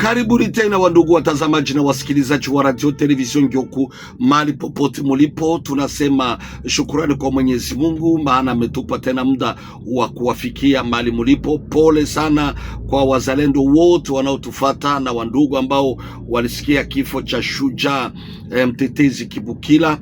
Karibuni tena wandugu watazamaji na wasikilizaji wa radio television Ngyoku, mali popote mulipo, tunasema shukurani kwa Mwenyezi Mungu, maana ametupa tena muda wa kuwafikia mali mulipo. Pole sana kwa wazalendo wote wanaotufata na wandugu ambao walisikia kifo cha shujaa eh, mtetezi Kibukila.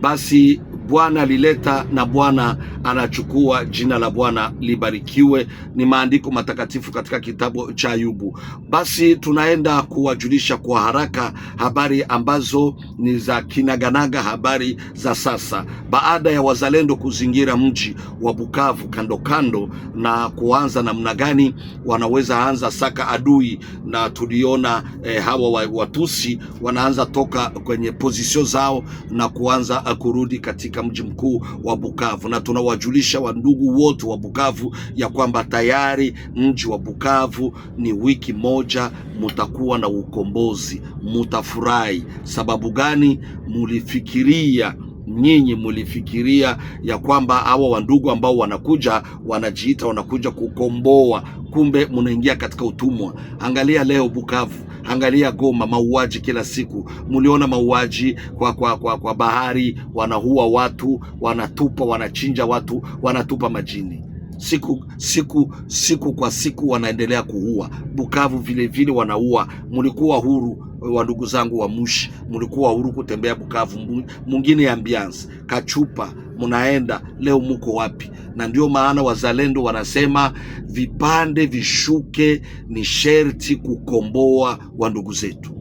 Basi Bwana alileta na Bwana anachukua. Jina la Bwana libarikiwe. Ni maandiko matakatifu katika kitabu cha Ayubu. Basi tunaenda kuwajulisha kwa haraka habari ambazo ni za kinaganaga, habari za sasa, baada ya wazalendo kuzingira mji wa Bukavu kando kando na kuanza namna gani wanaweza anza saka adui, na tuliona eh, hawa Watusi wanaanza toka kwenye pozisio zao na kuanza eh, kurudi katika katika mji mkuu wa Bukavu, na tunawajulisha wandugu wote wa Bukavu ya kwamba tayari mji wa Bukavu ni wiki moja mutakuwa na ukombozi, mutafurahi. Sababu gani? mulifikiria nyinyi mlifikiria ya kwamba hawa wandugu ambao wanakuja wanajiita wanakuja kukomboa, kumbe mnaingia katika utumwa. Angalia leo Bukavu, angalia Goma, mauaji kila siku. Mliona mauaji kwa, kwa, kwa, kwa bahari, wanaua watu, wanatupa, wanachinja watu, wanatupa majini siku siku siku kwa siku wanaendelea kuua. Bukavu vilevile vile wanaua. Mlikuwa huru wa ndugu zangu wa Mushi, mlikuwa huru kutembea Bukavu, mwingine ambiance kachupa, mnaenda leo, muko wapi? Na ndio maana wazalendo wanasema vipande vishuke, ni sherti kukomboa wa ndugu zetu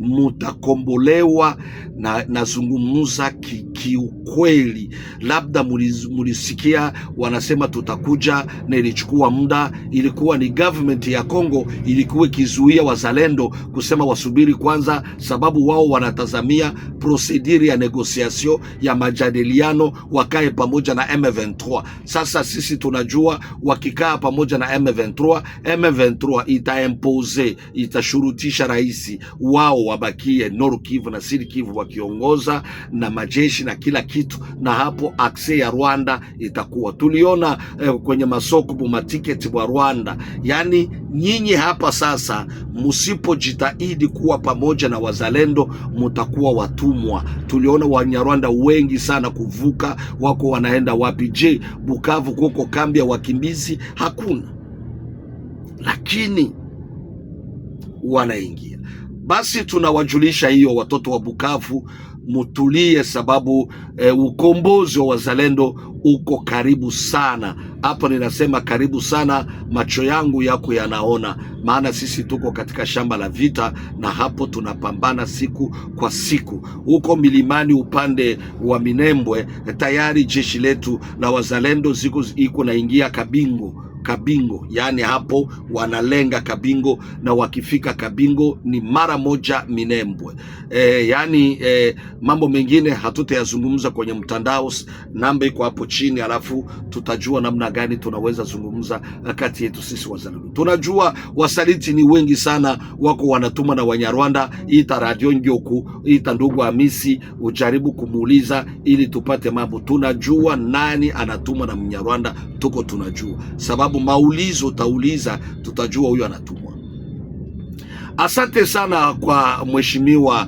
mutakombolewa na nazungumza kiukweli ki labda mulisikia wanasema tutakuja na ilichukua muda. Ilikuwa ni government ya Kongo ilikuwa ikizuia wazalendo kusema wasubiri kwanza, sababu wao wanatazamia prosediri ya negosiasio ya majadiliano, wakae pamoja na M23. Sasa sisi tunajua wakikaa pamoja na M23, M23 itaimpose itashurutisha rais wao wabakie Nord Kivu na Sud Kivu wakiongoza na majeshi na kila kitu, na hapo akse ya Rwanda itakuwa tuliona eh, kwenye masoko bumatiketi bwa Rwanda. Yani nyinyi hapa sasa, msipojitahidi kuwa pamoja na wazalendo mutakuwa watumwa. Tuliona Wanyarwanda wengi sana kuvuka, wako wanaenda wapi? Je, Bukavu kuko kambi ya wakimbizi? Hakuna, lakini wanaingia basi tunawajulisha hiyo watoto wa Bukavu, mutulie, sababu e, ukombozi wa wazalendo uko karibu sana. Hapo ninasema karibu sana, macho yangu yako yanaona, maana sisi tuko katika shamba la vita, na hapo tunapambana siku kwa siku. Huko milimani upande wa Minembwe tayari jeshi letu la wazalendo ziko iko naingia Kabingu Kabingo, yaani hapo wanalenga Kabingo, na wakifika Kabingo ni mara moja Minembwe. E, yaani e, mambo mengine hatutayazungumza kwenye mtandao, namba iko hapo chini, alafu tutajua namna gani tunaweza zungumza kati yetu sisi wazalendo. Tunajua wasaliti ni wengi sana, wako wanatuma na Wanyarwanda, ita Radio Ngyoku, ita ndugu Hamisi, ujaribu kumuuliza ili tupate mambo. Tunajua nani anatuma na Mnyarwanda, tuko tunajua sababu sababu maulizo utauliza, tutajua huyo anatumwa. Asante sana kwa mheshimiwa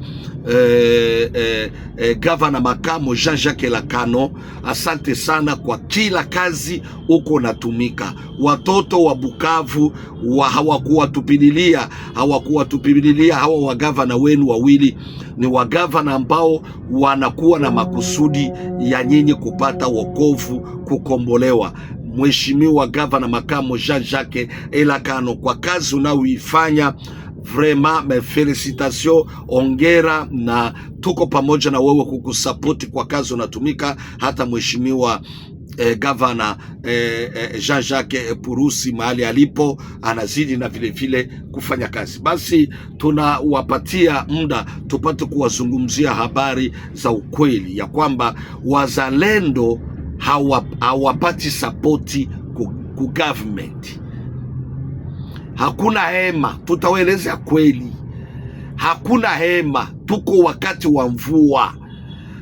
eh, eh, eh, gavana makamo Jean-Jacques lacano asante sana kwa kila kazi uko natumika. Watoto wa Bukavu wa hawakuwatupililia hawakuwatupililia hawa wagavana wenu wawili, ni wagavana ambao wanakuwa na makusudi ya nyinyi kupata wokovu, kukombolewa Mheshimiwa Gavana Makamo Jean Jacques Elakano kwa kazi unayoifanya vrema mes ongera, na tuko pamoja na wewe kukusapoti kwa kazi unatumika. Hata mheshimiwa eh, gavana eh, eh, Jean Jacques Purusi mahali alipo anazidi na vilevile vile kufanya kazi. Basi tunawapatia muda tupate kuwazungumzia habari za ukweli ya kwamba wazalendo hawapati sapoti ku government, hakuna hema. tutaweleza kweli, hakuna hema. Tuko wakati wa mvua,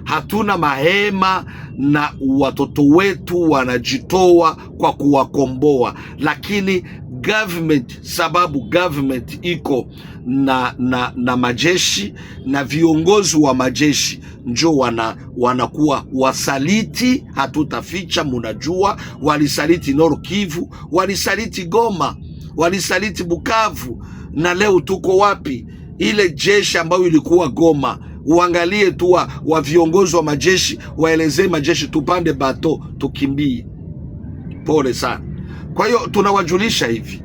hatuna mahema na watoto wetu wanajitoa kwa kuwakomboa, lakini government, sababu government iko na, na, na majeshi na viongozi wa majeshi njo wana, wanakuwa wasaliti. Hatutaficha, munajua walisaliti Nord Kivu, walisaliti Goma, walisaliti Bukavu, na leo tuko wapi? Ile jeshi ambayo ilikuwa Goma uangalie tu wa viongozi wa majeshi waelezee majeshi, tupande bato tukimbie. Pole sana. Kwa hiyo tunawajulisha hivi,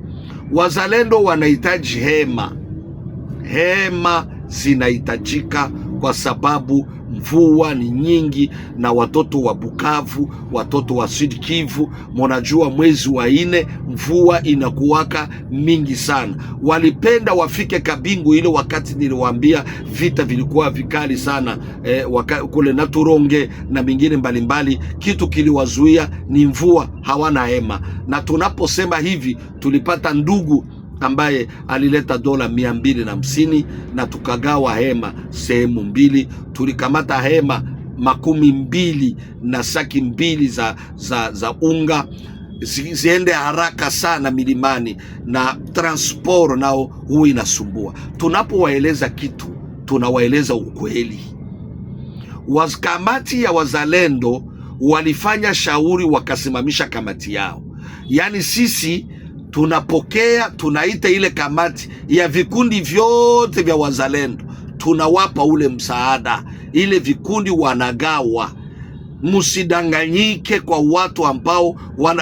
wazalendo wanahitaji hema, Hema zinahitajika kwa sababu mvua ni nyingi, na watoto wa Bukavu, watoto wa Sud Kivu, mwezi wa ine mvua inakuwaka mingi sana. Walipenda wafike Kabingu ile wakati niliwaambia vita vilikuwa vikali sana e, waka, kule Naturonge na mingine mbalimbali. Kitu kiliwazuia ni mvua, hawana hema. Na tunaposema hivi tulipata ndugu ambaye alileta dola mia mbili na hamsini na tukagawa hema sehemu mbili. Tulikamata hema makumi mbili na saki mbili za, za, za unga ziende haraka sana milimani na transport nao huu inasumbua. Tunapowaeleza kitu tunawaeleza ukweli. Kamati ya wazalendo walifanya shauri wakasimamisha kamati yao, yaani sisi tunapokea, tunaita ile kamati ya vikundi vyote vya wazalendo, tunawapa ule msaada, ile vikundi wanagawa. Msidanganyike kwa watu ambao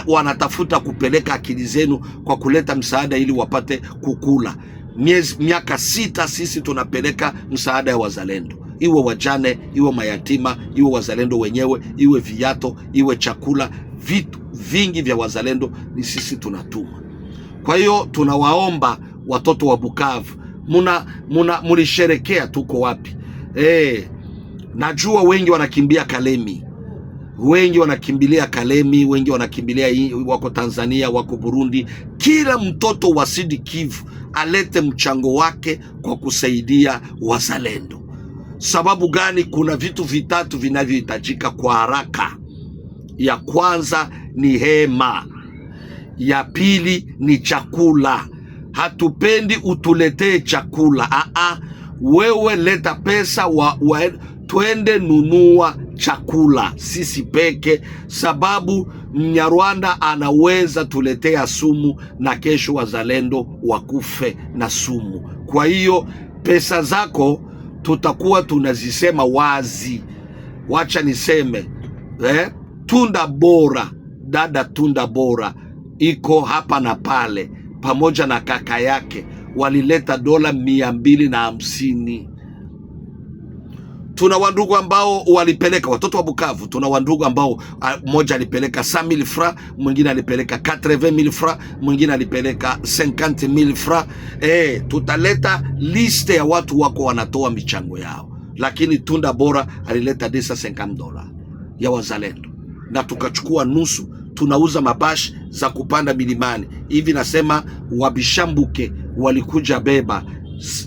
wanatafuta kupeleka akili zenu kwa kuleta msaada ili wapate kukula. Miezi miaka sita sisi tunapeleka msaada ya wazalendo iwe wajane, iwe mayatima, iwe wazalendo wenyewe, iwe viato, iwe chakula, vitu vingi vya wazalendo ni sisi tunatuma. Kwa hiyo tunawaomba watoto wa Bukavu, muna, muna mulisherekea tuko wapi? Eh, najua wengi wanakimbia Kalemi, wengi wanakimbilia Kalemi, wengi wanakimbilia wako Tanzania, wako Burundi. Kila mtoto wa Sud Kivu alete mchango wake kwa kusaidia wazalendo. Sababu gani? Kuna vitu vitatu vinavyohitajika kwa haraka. Ya kwanza ni hema ya pili ni chakula. Hatupendi utuletee chakula aa, wewe leta pesa wa, wa, twende nunua chakula sisi peke, sababu Mnyarwanda anaweza tuletea sumu na kesho wazalendo wakufe na sumu. Kwa hiyo pesa zako tutakuwa tunazisema wazi. Wacha niseme eh, tunda bora dada, tunda bora iko hapa na pale, pamoja na kaka yake walileta dola mia mbili na hamsini. Tuna wandugu ambao walipeleka watoto wa Bukavu, tuna wandugu ambao ah, mmoja alipeleka mil fra mwingine alipeleka mil fra mwingine alipeleka mil fra. Eh, tutaleta liste ya watu wako wanatoa michango yao, lakini Tunda Bora alileta 250 dola ya wazalendo na tukachukua nusu tunauza mabash za kupanda milimani hivi. Nasema wabishambuke walikuja beba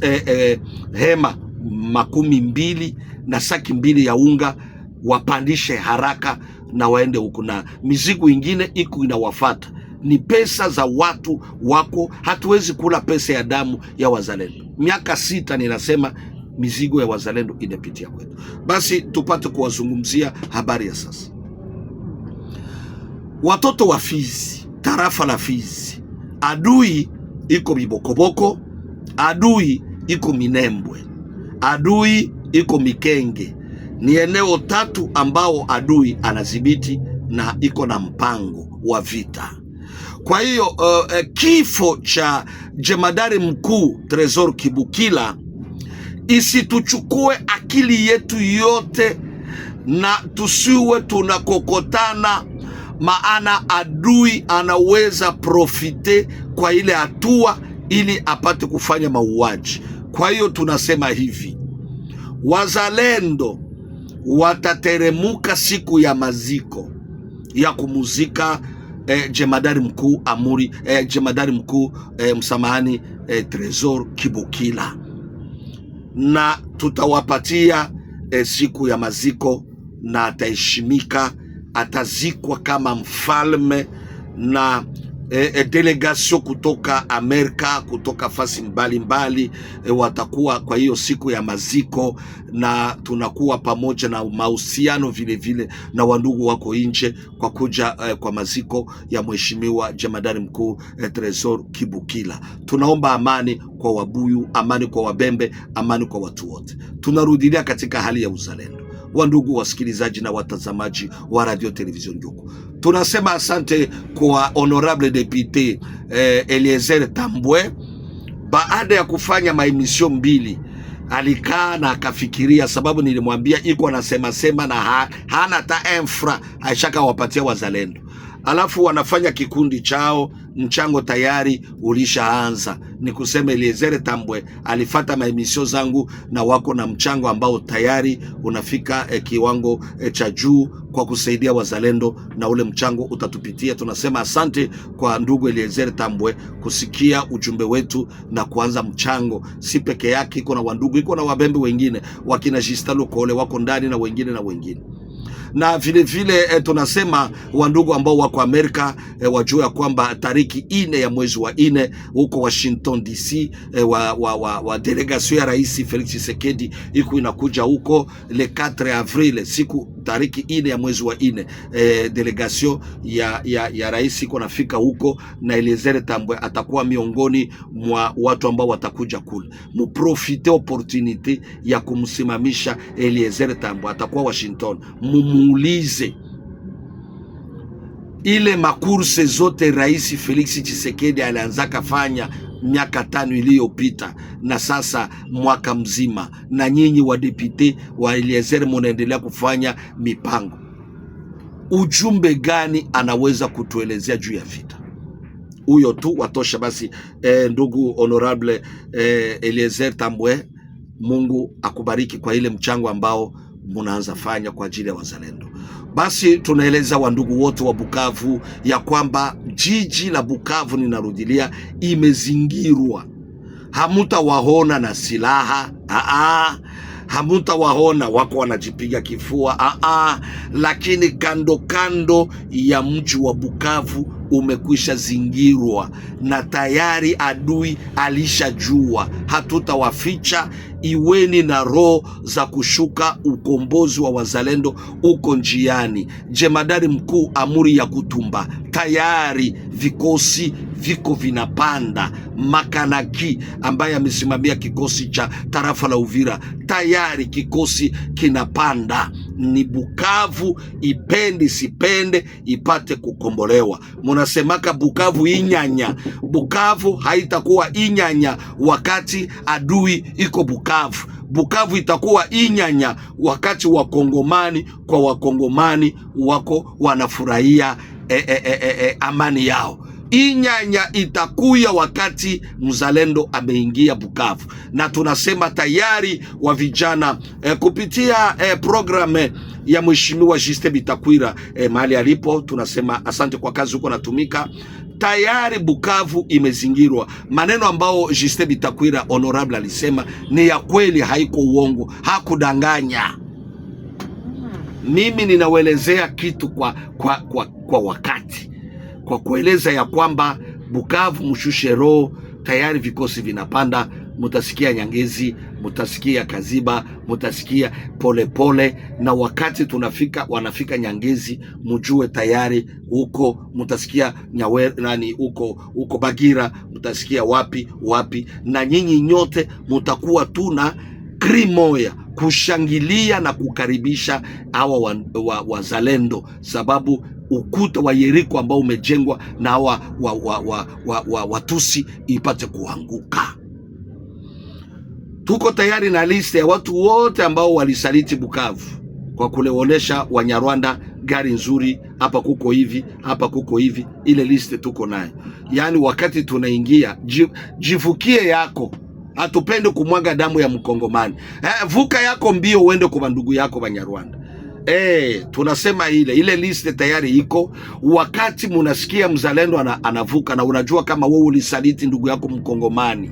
eh, eh, hema makumi mbili na saki mbili ya unga wapandishe haraka na waende huku, na mizigo ingine iko inawafata. Ni pesa za watu wako, hatuwezi kula pesa ya damu ya wazalendo. Miaka sita ninasema mizigo ya wazalendo inapitia kwetu. Basi tupate kuwazungumzia habari ya sasa watoto wa Fizi, tarafa la Fizi, adui iko Mibokoboko, adui iko Minembwe, adui iko Mikenge. Ni eneo tatu ambao adui anadhibiti na iko na mpango wa vita. Kwa hiyo uh, kifo cha jemadari mkuu Tresor Kibukila isituchukue akili yetu yote na tusiwe tunakokotana maana adui anaweza profite kwa ile hatua ili apate kufanya mauaji. Kwa hiyo tunasema hivi, wazalendo watateremuka siku ya maziko ya kumuzika eh, jemadari mkuu Amuri eh, jemadari mkuu eh, msamahani eh, Tresor Kibukila, na tutawapatia eh, siku ya maziko na ataheshimika atazikwa kama mfalme na E, eh, e, eh, delegasio kutoka Amerika kutoka fasi mbalimbali e, eh, watakuwa kwa hiyo siku ya maziko, na tunakuwa pamoja na mahusiano vile vile na wandugu wako nje kwa kuja e, kwa maziko ya mheshimiwa jemadari mkuu e, Tresor Kibukila. Tunaomba amani kwa Wabuyu, amani kwa Wabembe, amani kwa watu wote. Tunarudilia katika hali ya uzalendo wa ndugu wasikilizaji na watazamaji wa Radio Television Ngyoku. Tunasema asante kwa honorable député eh, Eliezer Tambwe. Baada ya kufanya maemisio mbili alikaa na akafikiria, sababu nilimwambia iko sema na ha, hana ta infra aishaka wapatia wazalendo alafu wanafanya kikundi chao, mchango tayari ulishaanza. Ni kusema Eliezer Tambwe alifata maemisio zangu na wako na mchango ambao tayari unafika eh, kiwango eh, cha juu kwa kusaidia wazalendo, na ule mchango utatupitia. Tunasema asante kwa ndugu Eliezer Tambwe kusikia ujumbe wetu na kuanza mchango. Si peke yake, iko na wandugu, iko na wabembe wengine, wakina Jistalo Kole wako ndani na wengine na wengine na vilevile vile, e, tunasema wandugu ambao wako Amerika e, eh, wajua kwamba tariki ine ya mwezi wa ine huko Washington DC e, eh, wa, wa, wa, wa delegasio ya Rais Felix Tshisekedi iko inakuja huko le 4 avril siku tariki ine ya mwezi wa ine e, delegasio ya, ya, ya rais iko nafika huko, na Eliezer Tambwe atakuwa miongoni mwa watu ambao watakuja kule. Muprofite opportunity ya kumsimamisha Eliezer Tambwe, atakuwa Washington Mumu muulize ile makurse zote Rais Felix Tshisekedi alianzaka fanya miaka tano iliyopita na sasa mwaka mzima, na nyinyi wadepute wa Eliezer munaendelea kufanya mipango. Ujumbe gani anaweza kutuelezea juu ya vita? Huyo tu watosha basi. E, ndugu honorable e, Eliezer Tambwe, Mungu akubariki kwa ile mchango ambao munaanza fanya kwa ajili ya wazalendo. Basi tunaeleza wandugu wote wa Bukavu ya kwamba jiji la Bukavu, ninarudilia, imezingirwa. Hamutawaona na silaha aa, hamutawaona wako wanajipiga kifua aa, lakini kando kando ya mji wa Bukavu umekwisha zingirwa na tayari adui alishajua, hatutawaficha. Iweni na roho za kushuka, ukombozi wa wazalendo uko njiani. Jemadari mkuu amuri ya kutumba, tayari vikosi viko vinapanda. Makanaki ambaye amesimamia kikosi cha tarafa la Uvira, tayari kikosi kinapanda ni Bukavu ipende sipende ipate kukombolewa. Munasemaka Bukavu inyanya, Bukavu haitakuwa inyanya wakati adui iko Bukavu. Bukavu itakuwa inyanya wakati wakongomani kwa wakongomani wako wanafurahia e, e, e, e, amani yao. Inyanya itakuya wakati mzalendo ameingia Bukavu, na tunasema tayari wa vijana eh, kupitia eh, programu eh, ya mheshimiwa Justin Bitakwira eh, mahali alipo, tunasema asante kwa kazi huko natumika tayari Bukavu imezingirwa. Maneno ambayo Justin Bitakwira honorable alisema ni ya kweli, haiko uongo, hakudanganya. Mimi ninawelezea kitu kwa, kwa, kwa, kwa wakati kwa kueleza ya kwamba Bukavu mshushe roho, tayari vikosi vinapanda. Mutasikia Nyangezi, mutasikia Kaziba, mutasikia polepole pole, na wakati tunafika wanafika Nyangezi, mjue tayari huko, mutasikia nyawe nani huko huko Bagira, mutasikia wapi wapi, na nyinyi nyote mutakuwa na kri moya kushangilia na kukaribisha hawa wazalendo wa, wa sababu ukuta wa Yeriko ambao umejengwa na wa, wa, wa, wa, wa, wa, Watusi ipate kuanguka. Tuko tayari na liste ya watu wote ambao walisaliti Bukavu kwa kuleonesha Wanyarwanda gari nzuri, hapa kuko hivi, hapa kuko hivi. Ile liste tuko nayo, yaani wakati tunaingia jivukie yako hatupende kumwaga damu ya Mkongomani. Eh, vuka yako mbio uende kwa ndugu yako Banyarwanda. E, tunasema ile ile liste tayari iko. Wakati munasikia mzalendo ana, anavuka na unajua kama wewe ulisaliti ndugu yako mkongomani,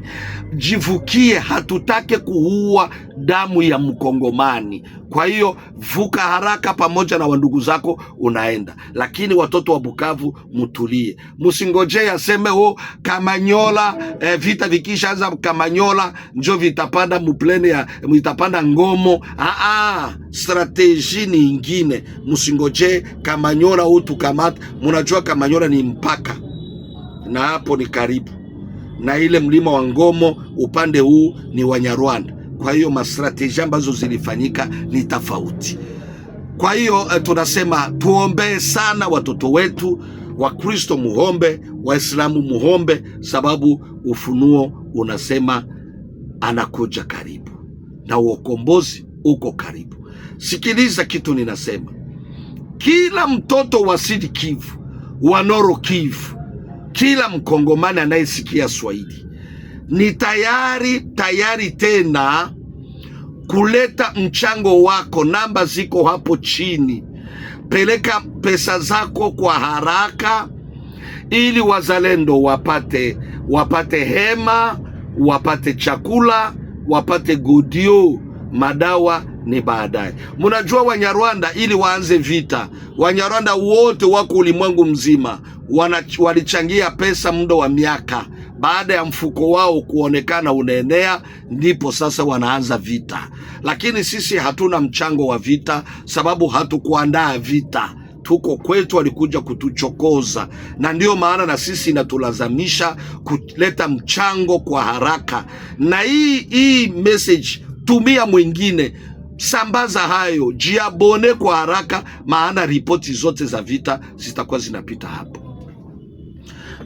jivukie. Hatutake kuua damu ya mkongomani. Kwa hiyo vuka haraka pamoja na wandugu zako unaenda, lakini watoto wa Bukavu mtulie, msingoje aseme o oh, Kamanyola eh, vita vikishaanza Kamanyola njo vitapanda muplene ya vitapanda Ngomo. Aa, strateji ni ingine, msingojee Kamanyola utukamata. Munajua Kamanyola ni mpaka na hapo ni karibu na ile mlima wa Ngomo, upande huu ni Wanyarwanda. Kwa hiyo mastrateji ambazo zilifanyika ni tofauti. Kwa hiyo eh, tunasema tuombee sana watoto wetu Wakristo muombe, Waislamu muombe, sababu ufunuo unasema anakuja karibu na uokombozi uko karibu. Sikiliza kitu ninasema, kila mtoto wa Sud Kivu, wa Nord Kivu, kila mkongomani anayesikia Swahili ni tayari tayari tena kuleta mchango wako. Namba ziko hapo chini, peleka pesa zako kwa haraka ili wazalendo wapate wapate hema, wapate chakula, wapate gudio, madawa ni baadaye. Mnajua Wanyarwanda ili waanze vita, Wanyarwanda wote wako ulimwengu mzima wana, walichangia pesa muda wa miaka baada ya mfuko wao kuonekana unaenea, ndipo sasa wanaanza vita. Lakini sisi hatuna mchango wa vita, sababu hatukuandaa vita tuko kwetu, walikuja kutuchokoza, na ndiyo maana na sisi inatulazamisha kuleta mchango kwa haraka. Na hii hii message tumia mwingine, sambaza hayo, jiabone kwa haraka, maana ripoti zote za vita zitakuwa zinapita hapo.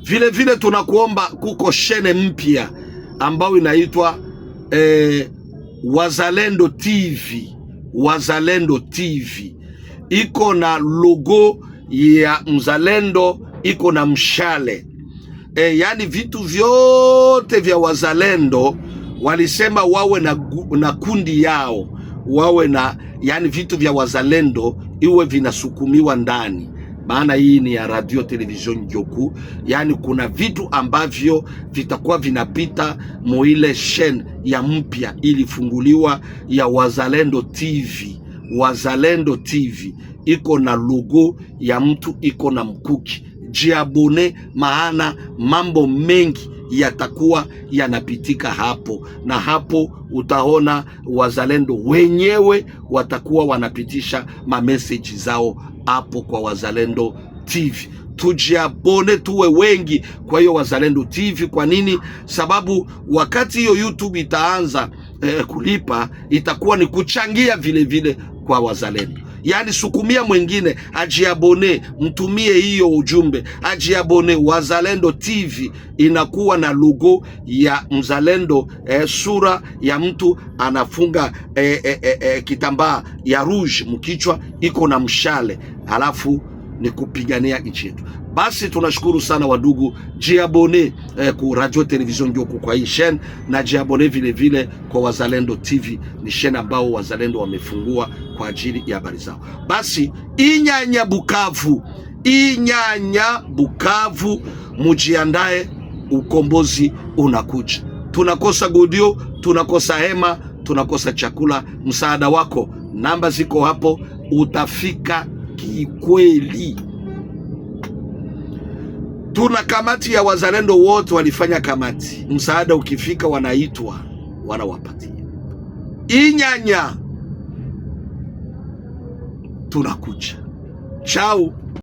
Vile vile tunakuomba kuko shene mpya ambayo inaitwa eh, Wazalendo TV. Wazalendo TV iko na logo ya mzalendo, iko na mshale eh, yaani vitu vyote vya wazalendo walisema wawe na, na kundi yao wawe na, yaani vitu vya wazalendo iwe vinasukumiwa ndani maana hii ni ya radio television Ngyoku, yaani kuna vitu ambavyo vitakuwa vinapita muile shen ya mpya ilifunguliwa ya Wazalendo TV. Wazalendo TV iko na logo ya mtu iko na mkuki, jiabone, maana mambo mengi yatakuwa yanapitika hapo, na hapo utaona wazalendo wenyewe watakuwa wanapitisha mameseji zao hapo kwa Wazalendo TV tujiabone tuwe wengi. Kwa hiyo Wazalendo TV, kwa nini? Sababu wakati hiyo YouTube itaanza eh, kulipa itakuwa ni kuchangia vilevile vile kwa Wazalendo yaani sukumia mwingine ajiabone, mtumie hiyo ujumbe, ajiabone. Wazalendo TV inakuwa na logo ya mzalendo eh, sura ya mtu anafunga eh, eh, eh, eh kitambaa ya rouge mkichwa, iko na mshale, alafu ni kupigania nchi yetu. Basi tunashukuru sana wadugu, jiabone eh, ku radio television Ngyoku kwa hii shen na jiabone vile vile kwa Wazalendo TV, ni shen ambao wazalendo wamefungua kwa ajili ya habari zao. Basi inyanya Bukavu, inyanya Bukavu, mujiandae, ukombozi unakuja. Tunakosa gudio, tunakosa hema, tunakosa chakula. Msaada wako namba ziko hapo, utafika kikweli. Tuna kamati ya wazalendo wote, walifanya kamati, msaada ukifika wanaitwa, wanawapatia. Inyanya tunakuja chao